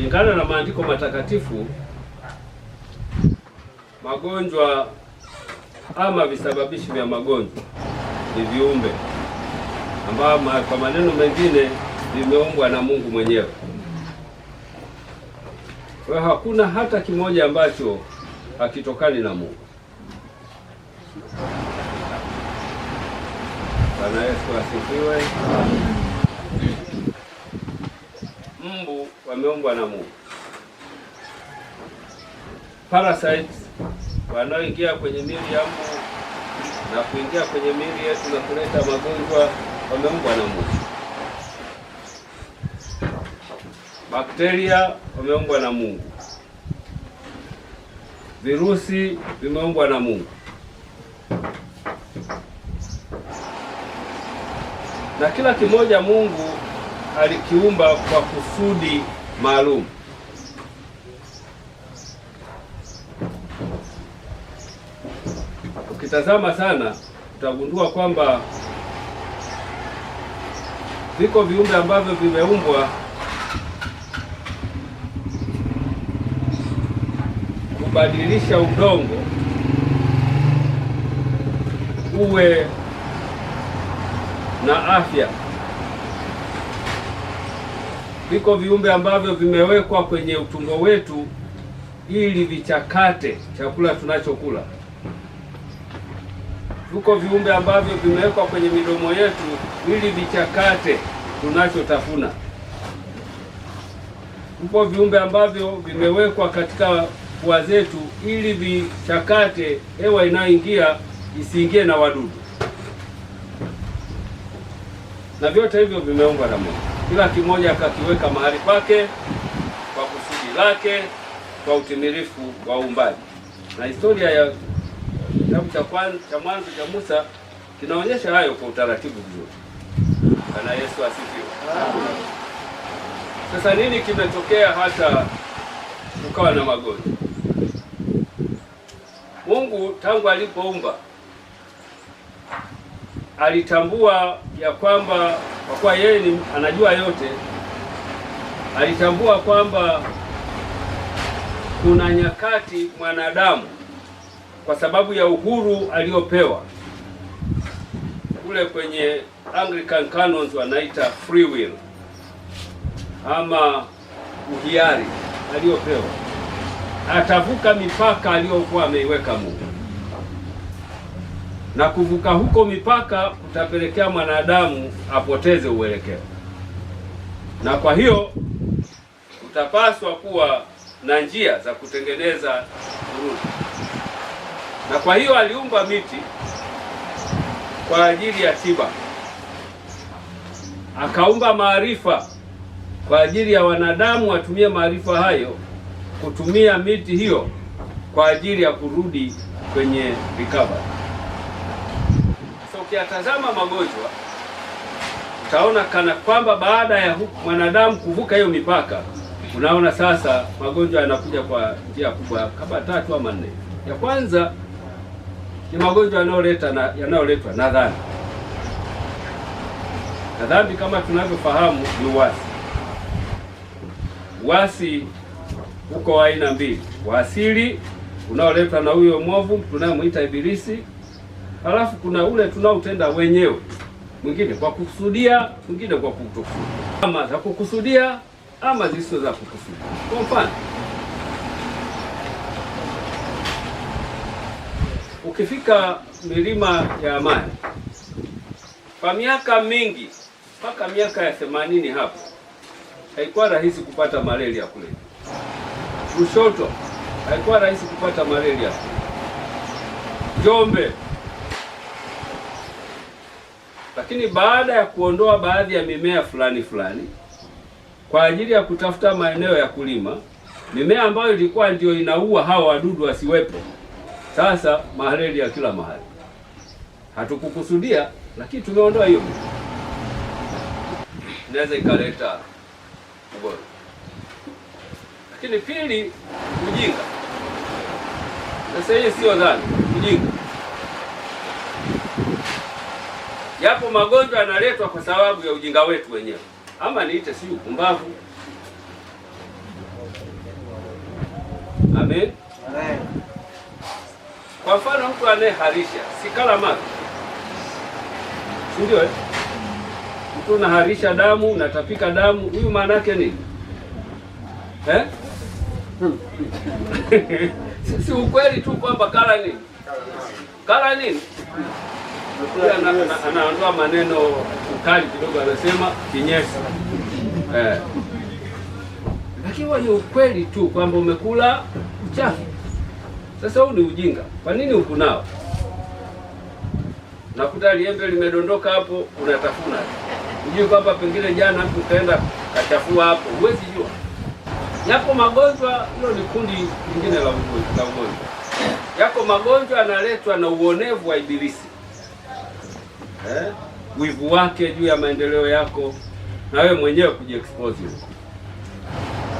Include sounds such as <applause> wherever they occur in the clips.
Kulingana na maandiko matakatifu, magonjwa ama visababishi vya magonjwa ni viumbe ambao kwa maneno mengine vimeumbwa na Mungu mwenyewe. Kwa hiyo hakuna hata kimoja ambacho hakitokani na Mungu. Bwana Yesu asifiwe mbu wameumbwa na Mungu. Parasites wanaoingia kwenye miili ya mbu na kuingia kwenye miili yetu na kuleta magonjwa wameumbwa na Mungu. Bakteria wameumbwa na Mungu. Virusi vimeumbwa na Mungu. Na kila kimoja Mungu alikiumba kwa kusudi maalum. Ukitazama sana utagundua kwamba viko viumbe ambavyo vimeumbwa kubadilisha udongo uwe na afya viko viumbe ambavyo vimewekwa kwenye utumbo wetu ili vichakate chakula tunachokula. Viko viumbe ambavyo vimewekwa kwenye midomo yetu ili vichakate tunachotafuna. viko viumbe ambavyo vimewekwa katika pua zetu ili vichakate hewa inayoingia isiingie na wadudu, na vyote hivyo vimeumbwa na Mungu kila kimoja akakiweka mahali pake kwa kusudi lake kwa utimilifu wa uumbaji. Na historia ya kitabu cha Mwanzo cha Musa kinaonyesha hayo kwa utaratibu mzuri. Bwana Yesu asifiwe. Sasa nini kimetokea hata tukawa na magonjwa? Mungu tangu alipoumba alitambua ya kwamba kwa kuwa yeye ni anajua yote, alitambua kwamba kuna nyakati mwanadamu kwa sababu ya uhuru aliopewa kule kwenye Anglican Canons wanaita free will ama uhiari aliopewa, atavuka mipaka aliyokuwa ameiweka Mungu na kuvuka huko mipaka kutapelekea mwanadamu apoteze uelekeo, na kwa hiyo kutapaswa kuwa na njia za kutengeneza urudi. Na kwa hiyo aliumba miti kwa ajili ya tiba, akaumba maarifa kwa ajili ya wanadamu watumie maarifa hayo kutumia miti hiyo kwa ajili ya kurudi kwenye recovery ukiyatazama magonjwa utaona kana kwamba baada ya mwanadamu kuvuka hiyo mipaka, unaona sasa magonjwa yanakuja kwa njia kubwa kama tatu ama nne. Ya kwanza ni magonjwa yanayoleta na yanayoletwa na dhambi. Na dhambi kama tunavyofahamu ni uasi. Uasi uko aina mbili, wa asili unaoletwa na huyo mwovu tunayemwita Ibilisi halafu kuna ule tunaotenda wenyewe, mwingine kwa kukusudia, mwingine kwa kutokusudia, ama za kukusudia ama zisizo za kukusudia. Kwa mfano, ukifika milima ya Amani kwa miaka mingi mpaka miaka ya themanini hapo haikuwa rahisi kupata malaria kule. Lushoto haikuwa rahisi kupata malaria kule. Njombe lakini baada ya kuondoa baadhi ya mimea fulani fulani kwa ajili ya kutafuta maeneo ya kulima, mimea ambayo ilikuwa ndio inaua hawa wadudu wasiwepo, sasa malaria kila mahali. Hatukukusudia, lakini tumeondoa hiyo, inaweza ikaleta ugonjwa. Lakini pili, ujinga. Sasa hii sio dhana, ujinga Yapo magonjwa yanaletwa kwa sababu ya ujinga wetu wenyewe, ama niite si upumbavu. Amen. Kwa mfano mtu anayeharisha sikala maki, si ndio? Eh? Mtu unaharisha damu, unatapika damu, huyu maana yake nini eh? <laughs> si ukweli tu kwamba kala nini, kala nini anaondoa maneno ukali kidogo, anasema kinyesi eh. Lakini huwa ukweli tu kwamba umekula uchafu. Sasa huu ni ujinga, kwa nini ukunao? Nakuta liembe limedondoka hapo, unatafuna hujui kwamba pengine jana mtu kaenda kachafua hapo, huwezi jua. Yako magonjwa, hilo ni kundi lingine la ugonjwa. Yako magonjwa yanaletwa na uonevu wa Ibilisi eh, wivu wake juu ya maendeleo yako na wewe mwenyewe kujiexpose huko,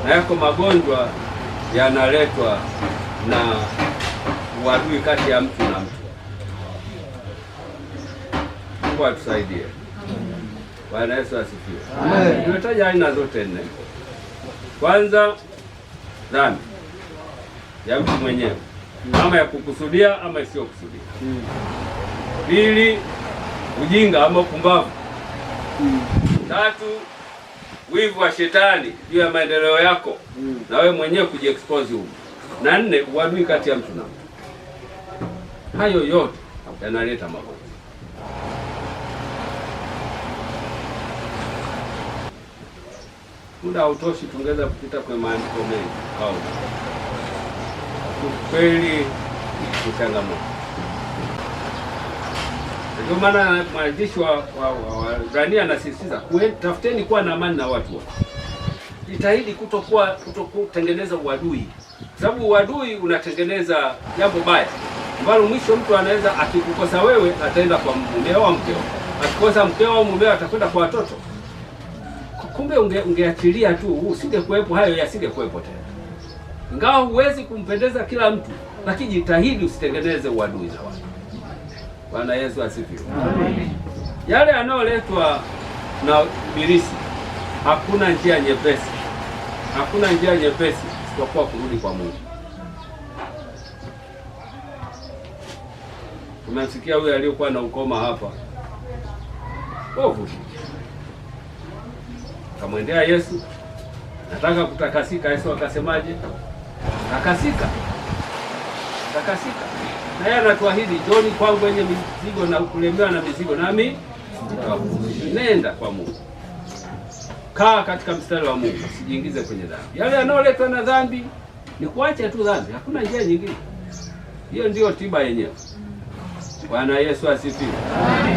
na yako magonjwa yanaletwa na uadui kati ya mtu na mtu. Mungu atusaidie. Bwana Yesu asifiwe. Amen. Tumetaja aina zote nne. Kwanza, dhambi ya mtu mwenyewe, ama ya kukusudia ama isiyokusudia. Hmm. Pili, ujinga ama upumbavu mm. Tatu, wivu wa shetani juu ya maendeleo yako mm. na wewe mwenyewe kujiexpose huko, na nne, uadui kati ya mtu na mtu. Hayo yote yanaleta magonjwa. Muda hautoshi, tungeweza kupita kwenye maandiko mengi au kweli ni changamoto. Ndio maana mwandishi wa Waebrania anasisitiza tafuteni kuwa na amani na watu wote, jitahidi kutokuwa kutokutengeneza uadui, sababu uadui unatengeneza jambo baya ambalo mwisho mtu anaweza akikukosa wewe ataenda kwa mumeo au mkeo, akikosa mkeo au mumeo atakwenda kwa watoto. Kumbe unge, ungeachilia tu, usingekuwepo hayo yasingekuwepo tena. Ingawa huwezi kumpendeza kila mtu, lakini jitahidi usitengeneze uadui na watu. Bwana Yesu asifiwe. Amen. Yale yanayoletwa na bilisi, hakuna njia nyepesi, hakuna njia nyepesi isipokuwa kurudi kwa Mungu. Tumemsikia huyu aliyokuwa na ukoma hapa ovu, kamwendea Yesu, nataka kutakasika. Yesu akasemaje? Takasika takasika. Naye anatuahidi joni kwangu wenye mizigo na kulemewa na mizigo, nami nenda kwa Mungu. Kaa katika mstari wa Mungu, usijiingize kwenye dhambi. Yale yanayoletwa na dhambi ni kuacha tu dhambi, hakuna njia nyingine. Hiyo ndiyo tiba yenyewe. Bwana Yesu asifiwe.